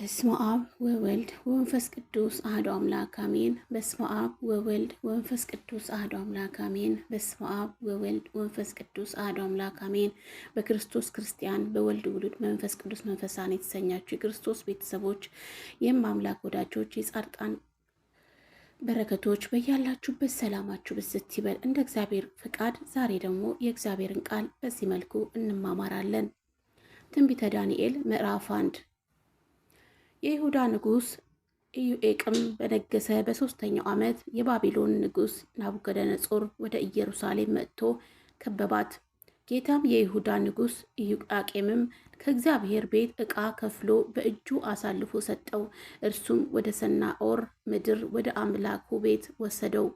በስመ አብ ወወልድ ወመንፈስ ቅዱስ አሐዱ አምላክ አሜን። በስመ አብ ወወልድ ወመንፈስ ቅዱስ አሐዱ አምላክ አሜን። በስመ አብ ወወልድ ወመንፈስ ቅዱስ አሐዱ አምላክ አሜን። በክርስቶስ ክርስቲያን፣ በወልድ ውሉድ፣ መንፈስ ቅዱስ መንፈሳን የተሰኛችሁ የክርስቶስ ቤተሰቦች፣ አምላክ ወዳጆች፣ የጻድቃን በረከቶች በያላችሁበት ሰላማችሁ ብስት ይበል። እንደ እግዚአብሔር ፍቃድ ዛሬ ደግሞ የእግዚአብሔርን ቃል በዚህ መልኩ እንማማራለን። ትንቢተ ዳንኤል ምዕራፍ አንድ የይሁዳ ንጉሥ ኢዩኤቅም በነገሰ በሦስተኛው ዓመት የባቢሎን ንጉሥ ናቡከደነጾር ወደ ኢየሩሳሌም መጥቶ ከበባት። ጌታም የይሁዳ ንጉስ ኢዩቃቄምም ከእግዚአብሔር ቤት ዕቃ ከፍሎ በእጁ አሳልፎ ሰጠው። እርሱም ወደ ሰናኦር ምድር ወደ አምላኩ ቤት ወሰደው።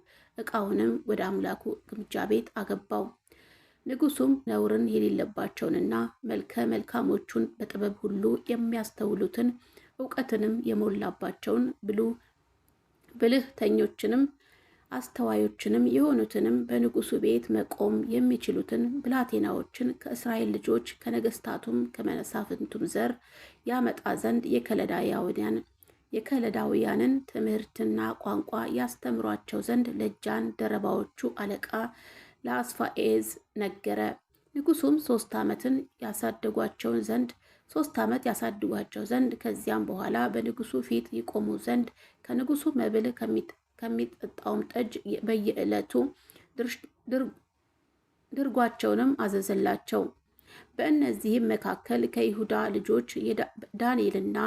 ዕቃውንም ወደ አምላኩ ግምጃ ቤት አገባው። ንጉሱም ነውርን የሌለባቸውንና መልከ መልካሞቹን በጥበብ ሁሉ የሚያስተውሉትን እውቀትንም የሞላባቸውን ብሉ ብልህተኞችንም አስተዋዮችንም የሆኑትንም በንጉሱ ቤት መቆም የሚችሉትን ብላቴናዎችን ከእስራኤል ልጆች ከነገስታቱም ከመነሳፍንቱም ዘር ያመጣ ዘንድ የከለዳውያን የከለዳውያንን ትምህርትና ቋንቋ ያስተምሯቸው ዘንድ ለጃን ደረባዎቹ አለቃ ለአስፋኤዝ ነገረ። ንጉሱም ሶስት ዓመትን ያሳደጓቸውን ዘንድ ሶስት ዓመት ያሳድጓቸው ዘንድ ከዚያም በኋላ በንጉሱ ፊት ይቆሙ ዘንድ ከንጉሱ መብል ከሚጠጣውም ጠጅ በየዕለቱ ድርጓቸውንም አዘዘላቸው። በእነዚህም መካከል ከይሁዳ ልጆች ዳንኤልና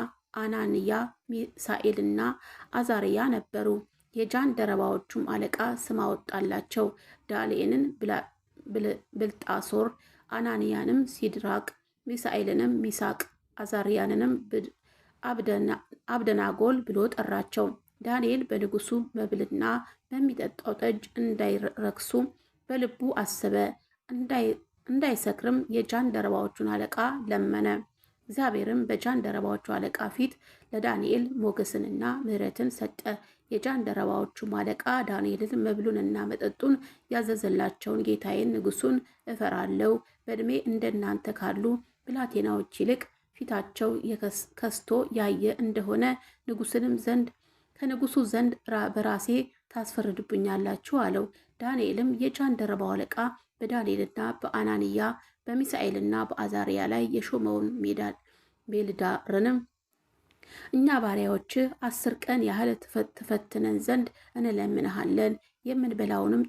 አናንያ፣ ሚሳኤልና አዛርያ ነበሩ። ደረባዎቹም አለቃ ስም አወጣላቸው። ዳንኤልን ብልጣሶር፣ አናንያንም ሲድራቅ፣ ሚሳኤልንም ሚሳቅ አዛርያንንም አብደናጎል ብሎ ጠራቸው። ዳንኤል በንጉሱ መብልና በሚጠጣው ጠጅ እንዳይረክሱ በልቡ አሰበ። እንዳይሰክርም የጃንደረባዎቹን አለቃ ለመነ። እግዚአብሔርም በጃንደረባዎቹ አለቃ ፊት ለዳንኤል ሞገስንና ምሕረትን ሰጠ። የጃንደረባዎቹም አለቃ ዳንኤልን መብሉንና መጠጡን ያዘዘላቸውን ጌታዬን ንጉሱን እፈራለሁ፣ በእድሜ እንደናንተ ካሉ ብላቴናዎች ይልቅ ፊታቸው ከስቶ ያየ እንደሆነ ንጉስንም ዘንድ ከንጉሱ ዘንድ በራሴ ታስፈርድብኛላችሁ አለው። ዳንኤልም የጃንደረባው አለቃ በዳንኤልና በአናንያ በሚሳኤልና በአዛርያ ላይ የሾመውን ሜልዳርንም እኛ ባሪያዎች አስር ቀን ያህል ትፈትነን ዘንድ እንለምንሃለን። የምንበላውንም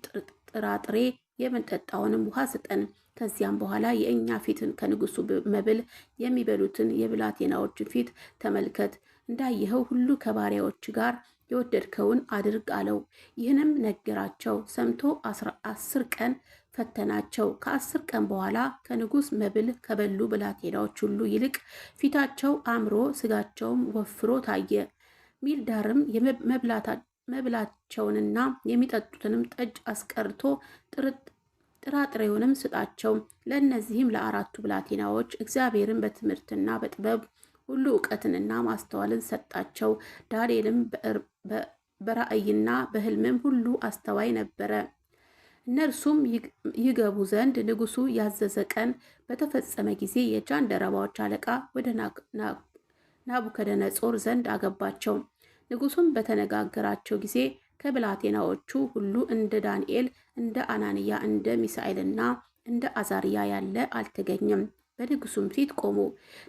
ጥራጥሬ የምንጠጣውንም ውሃ ስጠን ከዚያም በኋላ የእኛ ፊትን ከንጉሱ መብል የሚበሉትን የብላቴናዎችን ፊት ተመልከት፣ እንዳየኸው ሁሉ ከባሪያዎች ጋር የወደድከውን አድርግ አለው። ይህንም ነገራቸው። ሰምቶ አስር ቀን ፈተናቸው። ከአስር ቀን በኋላ ከንጉስ መብል ከበሉ ብላቴናዎች ሁሉ ይልቅ ፊታቸው አምሮ ስጋቸውም ወፍሮ ታየ። ሚልዳርም መብላቸውንና የሚጠጡትንም ጠጅ አስቀርቶ ጥርጥ ጥራጥሬውንም ስጣቸው። ለእነዚህም ለአራቱ ብላቴናዎች እግዚአብሔርን በትምህርትና በጥበብ ሁሉ እውቀትንና ማስተዋልን ሰጣቸው። ዳንኤልም በራእይና በሕልምም ሁሉ አስተዋይ ነበረ። እነርሱም ይገቡ ዘንድ ንጉሱ ያዘዘ ቀን በተፈጸመ ጊዜ የጃንደረባዎች አለቃ ወደ ናቡከደነጾር ዘንድ አገባቸው። ንጉሱም በተነጋገራቸው ጊዜ ከብላቴናዎቹ ሁሉ እንደ ዳንኤል፣ እንደ አናንያ፣ እንደ ሚሳኤልና እንደ አዛርያ ያለ አልተገኘም። በንጉሱም ፊት ቆሙ።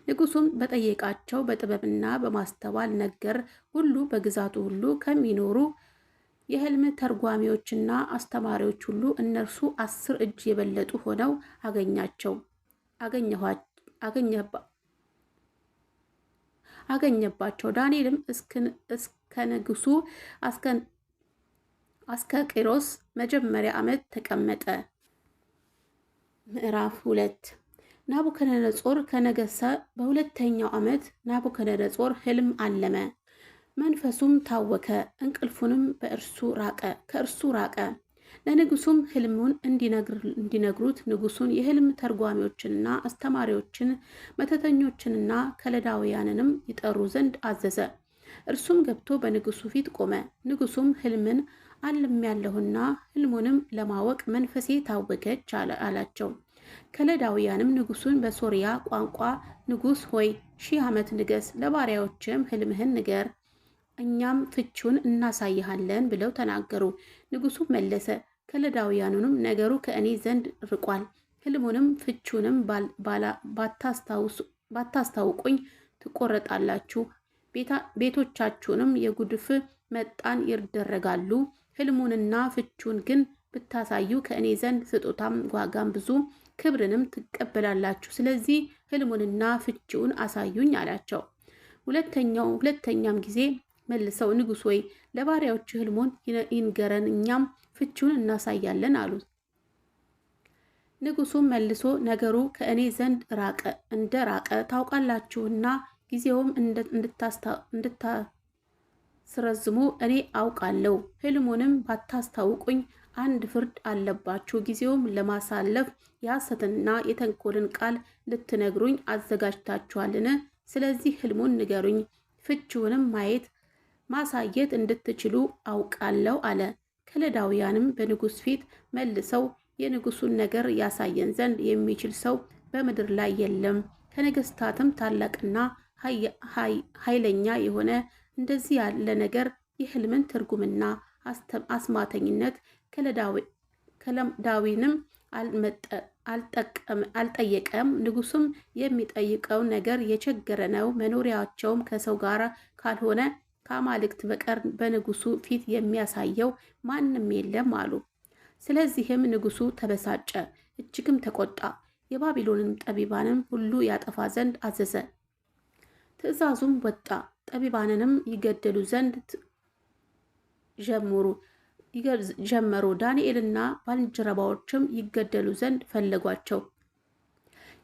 ንጉሱም በጠየቃቸው በጥበብና በማስተዋል ነገር ሁሉ በግዛቱ ሁሉ ከሚኖሩ የህልም ተርጓሚዎችና አስተማሪዎች ሁሉ እነርሱ አስር እጅ የበለጡ ሆነው አገኛቸው አገኘባቸው። ዳንኤልም እስከ ንጉሱ አስከቂሮስ መጀመሪያ ዓመት ተቀመጠ። ምዕራፍ ሁለት ናቡከደነጾር ከነገሰ በሁለተኛው ዓመት ናቡከደነጾር ህልም አለመ። መንፈሱም ታወከ፣ እንቅልፉንም በእርሱ ራቀ ከእርሱ ራቀ። ለንጉሱም ሕልሙን እንዲነግሩት ንጉሱን የህልም ተርጓሚዎችንና አስተማሪዎችን መተተኞችንና ከለዳውያንንም ይጠሩ ዘንድ አዘዘ። እርሱም ገብቶ በንጉሱ ፊት ቆመ። ንጉሱም ህልምን። አልም ያለሁና ህልሙንም ለማወቅ መንፈሴ ታወቀች አላቸው። ከለዳውያንም ንጉሱን በሶርያ ቋንቋ ንጉስ ሆይ ሺህ ዓመት ንገስ፣ ለባሪያዎችም ህልምህን ንገር፣ እኛም ፍቹን እናሳይሃለን ብለው ተናገሩ። ንጉሱ መለሰ። ከለዳውያኑንም ነገሩ ከእኔ ዘንድ ርቋል፣ ህልሙንም ፍቹንም ባታስታውቁኝ ትቆረጣላችሁ፣ ቤቶቻችሁንም የጉድፍ መጣን ይደረጋሉ ህልሙንና ፍቹን ግን ብታሳዩ ከእኔ ዘንድ ስጦታም ዋጋም ብዙ ክብርንም ትቀበላላችሁ። ስለዚህ ህልሙንና ፍቺውን አሳዩኝ አላቸው። ሁለተኛው ሁለተኛም ጊዜ መልሰው ንጉሥ ወይ ለባሪያዎች ህልሙን ይንገረን፣ እኛም ፍቺውን እናሳያለን አሉት። ንጉሱም መልሶ ነገሩ ከእኔ ዘንድ ራቀ እንደ ራቀ ታውቃላችሁና ጊዜውም ስረዝሙ እኔ አውቃለሁ። ህልሙንም ባታስታውቁኝ አንድ ፍርድ አለባችሁ። ጊዜውም ለማሳለፍ የሐሰትንና የተንኮልን ቃል ልትነግሩኝ አዘጋጅታችኋልን? ስለዚህ ህልሙን ንገሩኝ፣ ፍቺውንም ማየት ማሳየት እንድትችሉ አውቃለሁ አለ። ከለዳውያንም በንጉሥ ፊት መልሰው የንጉሱን ነገር ያሳየን ዘንድ የሚችል ሰው በምድር ላይ የለም፣ ከነገስታትም ታላቅና ኃይለኛ የሆነ እንደዚህ ያለ ነገር የህልምን ትርጉምና አስማተኝነት ከለዳዊንም አልጠየቀም። ንጉሱም የሚጠይቀው ነገር የቸገረ ነው። መኖሪያቸውም ከሰው ጋር ካልሆነ ከአማልክት በቀር በንጉሱ ፊት የሚያሳየው ማንም የለም አሉ። ስለዚህም ንጉሱ ተበሳጨ፣ እጅግም ተቆጣ። የባቢሎንን ጠቢባንም ሁሉ ያጠፋ ዘንድ አዘዘ። ትእዛዙም ወጣ። ጠቢባንንም ይገደሉ ዘንድ ጀመሩ ጀመሩ። ዳንኤልና ባልንጀረባዎችም ይገደሉ ዘንድ ፈለጓቸው።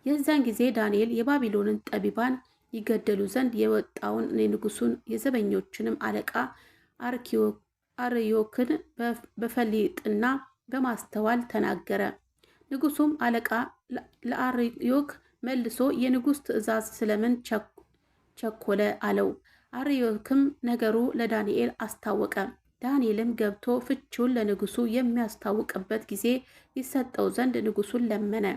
የዚያን ጊዜ ዳንኤል የባቢሎንን ጠቢባን ይገደሉ ዘንድ የወጣውን የንጉሱን የዘበኞችንም አለቃ አርዮክን በፈሊጥና በማስተዋል ተናገረ። ንጉሱም አለቃ ለአርዮክ መልሶ የንጉስ ትእዛዝ ስለምን ቸኮለ አለው። አርዮክም ነገሩ ለዳንኤል አስታወቀ። ዳንኤልም ገብቶ ፍቺውን ለንጉሱ የሚያስታውቅበት ጊዜ ይሰጠው ዘንድ ንጉሱን ለመነ።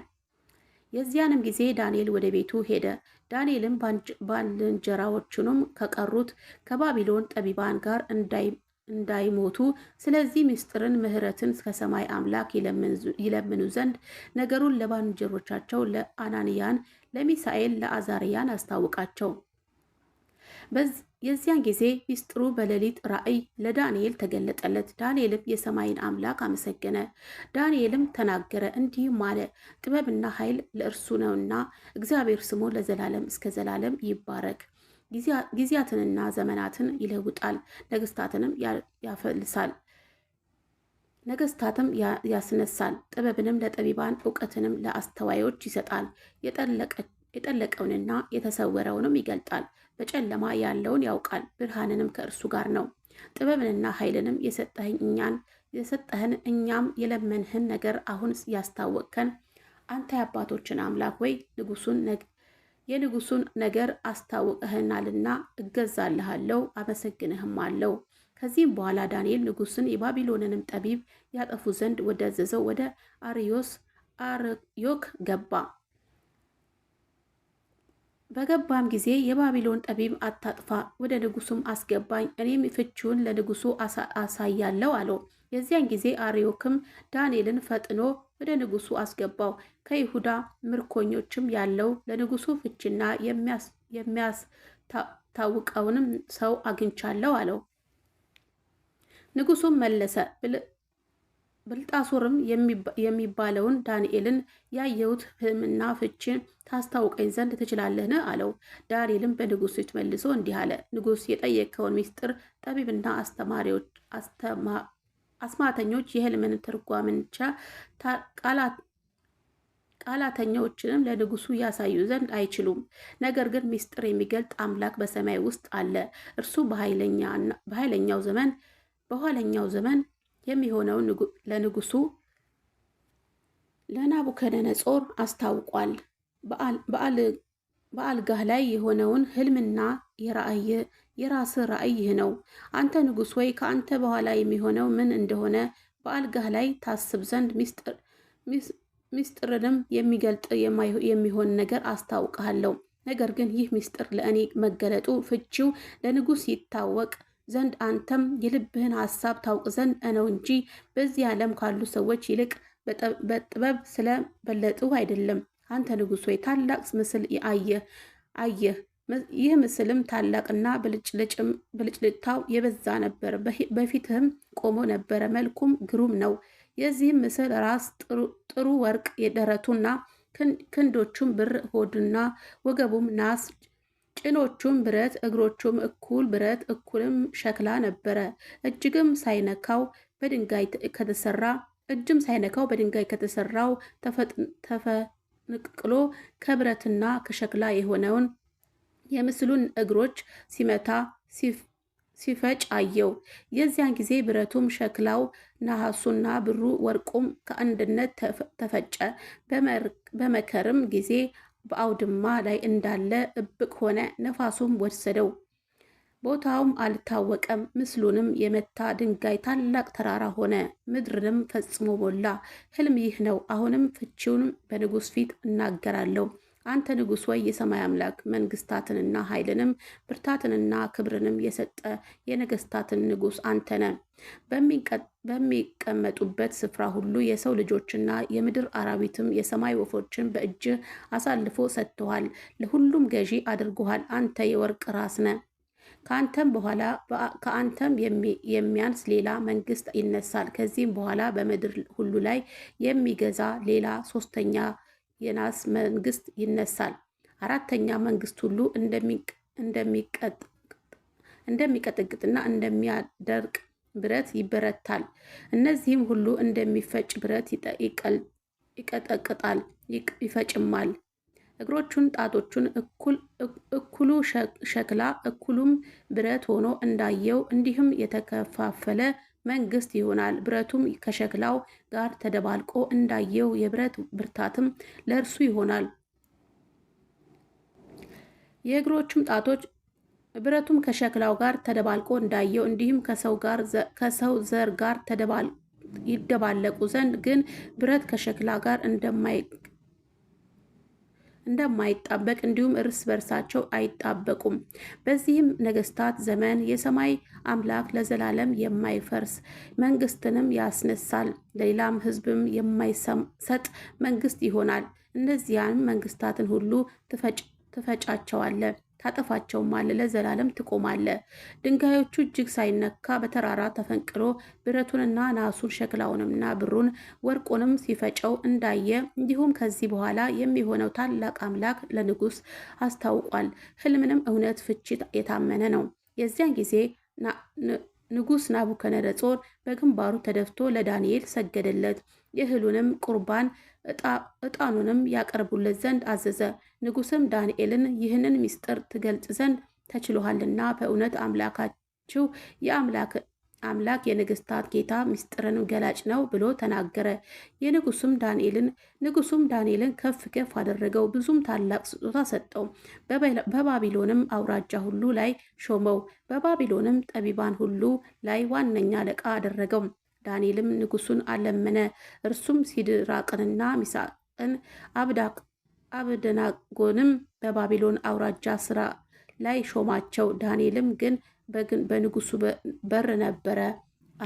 የዚያንም ጊዜ ዳንኤል ወደ ቤቱ ሄደ። ዳንኤልም ባልንጀራዎቹንም ከቀሩት ከባቢሎን ጠቢባን ጋር እንዳይሞቱ ስለዚህ ምስጢርን ምሕረትን ከሰማይ አምላክ ይለምኑ ዘንድ ነገሩን ለባልንጀሮቻቸው ለአናንያን፣ ለሚሳኤል፣ ለአዛርያን አስታውቃቸው። የዚያን ጊዜ ሚስጥሩ በሌሊት ራእይ ለዳንኤል ተገለጠለት። ዳንኤልም የሰማይን አምላክ አመሰገነ። ዳንኤልም ተናገረ እንዲህም አለ፣ ጥበብና ኃይል ለእርሱ ነውና እግዚአብሔር ስሙ ለዘላለም እስከ ዘላለም ይባረክ። ጊዜያትንና ዘመናትን ይለውጣል፣ ነገስታትንም ያፈልሳል ነገስታትም ያስነሳል። ጥበብንም ለጠቢባን እውቀትንም ለአስተዋዮች ይሰጣል። የጠለቀውንና የተሰወረውንም ይገልጣል። በጨለማ ያለውን ያውቃል፣ ብርሃንንም ከእርሱ ጋር ነው። ጥበብንና ኃይልንም የሰጠህን እኛን የሰጠህን እኛም የለመንህን ነገር አሁን ያስታወቅከን አንተ የአባቶችን አምላክ ወይ ንጉሱን የንጉሱን ነገር አስታውቀህናልና እገዛልሃለሁ፣ አመሰግንህም አለው። ከዚህም በኋላ ዳንኤል ንጉስን የባቢሎንንም ጠቢብ ያጠፉ ዘንድ ወደዘዘው ወደ አርዮስ አርዮክ ገባ። በገባም ጊዜ የባቢሎን ጠቢብ አታጥፋ፣ ወደ ንጉሱም አስገባኝ፣ እኔም ፍቺውን ለንጉሱ አሳያለው አለው። የዚያን ጊዜ አሪዮክም ዳንኤልን ፈጥኖ ወደ ንጉሱ አስገባው። ከይሁዳ ምርኮኞችም ያለው ለንጉሱ ፍቺና የሚያስታውቀውንም ሰው አግኝቻለሁ አለው። ንጉሱም መለሰ ብልጣሶርም የሚባለውን ዳንኤልን ያየሁት ሕልምና ፍቺ ታስታውቀኝ ዘንድ ትችላለህን? አለው። ዳንኤልም በንጉሥ ፊት መልሶ እንዲህ አለ። ንጉሥ የጠየቀውን ሚስጥር ጠቢብና አስተማሪዎች አስማተኞች የህልምን ትርጓምንቻ ቃላተኛዎችንም ለንጉሱ ያሳዩ ዘንድ አይችሉም። ነገር ግን ሚስጥር የሚገልጥ አምላክ በሰማይ ውስጥ አለ። እርሱ በኃይለኛው ዘመን በኋለኛው ዘመን የሚሆነውን ለንጉሱ ለናቡከደነጾር አስታውቋል። በአልጋህ ላይ የሆነውን ህልምና የራእይ የራስ ራእይህ ነው። አንተ ንጉሥ ወይ ከአንተ በኋላ የሚሆነው ምን እንደሆነ በአልጋህ ላይ ታስብ ዘንድ ምስጢርንም የሚገልጥ የሚሆን ነገር አስታውቅሃለሁ። ነገር ግን ይህ ምስጢር ለእኔ መገለጡ ፍቺው ለንጉሥ ይታወቅ ዘንድ አንተም የልብህን ሀሳብ ታውቅ ዘንድ እነው እንጂ በዚህ ዓለም ካሉ ሰዎች ይልቅ በጥበብ ስለበለጡ አይደለም። አንተ ንጉሥ ወይ ታላቅ ምስል አየህ አየህ። ይህ ምስልም ታላቅና ብልጭልጭታው የበዛ ነበር። በፊትህም ቆሞ ነበረ፣ መልኩም ግሩም ነው። የዚህም ምስል ራስ ጥሩ ወርቅ፣ ደረቱና ክንዶቹም ብር፣ ሆዱና ወገቡም ናስ ጭኖቹም ብረት እግሮቹም እኩል ብረት እኩልም ሸክላ ነበረ። እጅግም ሳይነካው በድንጋይ ከተሰራ እጅም ሳይነካው በድንጋይ ከተሰራው ተፈንቅሎ ከብረትና ከሸክላ የሆነውን የምስሉን እግሮች ሲመታ ሲፈጭ አየው። የዚያን ጊዜ ብረቱም ሸክላው ነሐሱና ብሩ ወርቁም ከአንድነት ተፈጨ። በመከርም ጊዜ በአውድማ ላይ እንዳለ እብቅ ሆነ። ነፋሱም ወሰደው፣ ቦታውም አልታወቀም። ምስሉንም የመታ ድንጋይ ታላቅ ተራራ ሆነ፣ ምድርንም ፈጽሞ ሞላ። ህልም ይህ ነው። አሁንም ፍቺውን በንጉሥ ፊት እናገራለሁ። አንተ ንጉሥ ወይ የሰማይ አምላክ መንግስታትንና ኃይልንም ብርታትንና ክብርንም የሰጠ የነገስታትን ንጉሥ አንተ ነህ። በሚቀመጡበት ስፍራ ሁሉ የሰው ልጆችና የምድር አራዊትም የሰማይ ወፎችን በእጅ አሳልፎ ሰጥተዋል፣ ለሁሉም ገዢ አድርጎሃል። አንተ የወርቅ ራስ ነ። ከአንተም በኋላ ከአንተም የሚያንስ ሌላ መንግስት ይነሳል። ከዚህም በኋላ በምድር ሁሉ ላይ የሚገዛ ሌላ ሶስተኛ የናስ መንግስት ይነሳል። አራተኛ መንግስት ሁሉ እንደሚቀጠቅጥና እንደሚያደርቅ ብረት ይበረታል። እነዚህም ሁሉ እንደሚፈጭ ብረት ይቀጠቅጣል፣ ይፈጭማል። እግሮቹን ጣቶቹን እኩሉ ሸክላ እኩሉም ብረት ሆኖ እንዳየው እንዲህም የተከፋፈለ መንግስት ይሆናል። ብረቱም ከሸክላው ጋር ተደባልቆ እንዳየው የብረት ብርታትም ለእርሱ ይሆናል። የእግሮቹም ጣቶች ብረቱም ከሸክላው ጋር ተደባልቆ እንዳየው እንዲሁም ከሰው ጋር ከሰው ዘር ጋር ይደባለቁ ዘንድ ግን ብረት ከሸክላ ጋር እንደማይ እንደማይጣበቅ እንዲሁም እርስ በርሳቸው አይጣበቁም። በዚህም ነገስታት ዘመን የሰማይ አምላክ ለዘላለም የማይፈርስ መንግስትንም ያስነሳል፣ ለሌላም ህዝብም የማይሰጥ መንግስት ይሆናል። እነዚያን መንግስታትን ሁሉ ትፈጫቸዋለ። ታጠፋቸውማለ፣ ለዘላለም ትቆማለ። ድንጋዮቹ እጅግ ሳይነካ በተራራ ተፈንቅሎ ብረቱንና ናሱን ሸክላውንምና ብሩን ወርቁንም ሲፈጨው እንዳየ እንዲሁም ከዚህ በኋላ የሚሆነው ታላቅ አምላክ ለንጉስ አስታውቋል። ህልምንም እውነት ፍቺ የታመነ ነው። የዚያን ጊዜ ንጉሥ ናቡከደነፆር በግንባሩ ተደፍቶ ለዳንኤል ሰገደለት። የእህሉንም ቁርባን ዕጣኑንም ያቀርቡለት ዘንድ አዘዘ። ንጉሥም ዳንኤልን ይህንን ምስጢር ትገልጽ ዘንድ ተችሎሃልና በእውነት አምላካችሁ አምላክ የንግስታት ጌታ ምስጢርን ገላጭ ነው ብሎ ተናገረ። የንጉሱም ዳንኤልን ንጉሱም ዳንኤልን ከፍ ከፍ አደረገው፣ ብዙም ታላቅ ስጦታ ሰጠው። በባቢሎንም አውራጃ ሁሉ ላይ ሾመው፣ በባቢሎንም ጠቢባን ሁሉ ላይ ዋነኛ አለቃ አደረገው። ዳንኤልም ንጉሱን አለመነ። እርሱም ሲድራቅንና ሚሳቅን አብደናጎንም በባቢሎን አውራጃ ስራ ላይ ሾማቸው። ዳንኤልም ግን በንጉሱ በር ነበረ።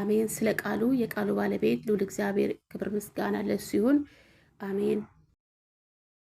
አሜን። ስለ ቃሉ የቃሉ ባለቤት ልዑል እግዚአብሔር ክብር ምስጋና ለሱ ይሁን። አሜን።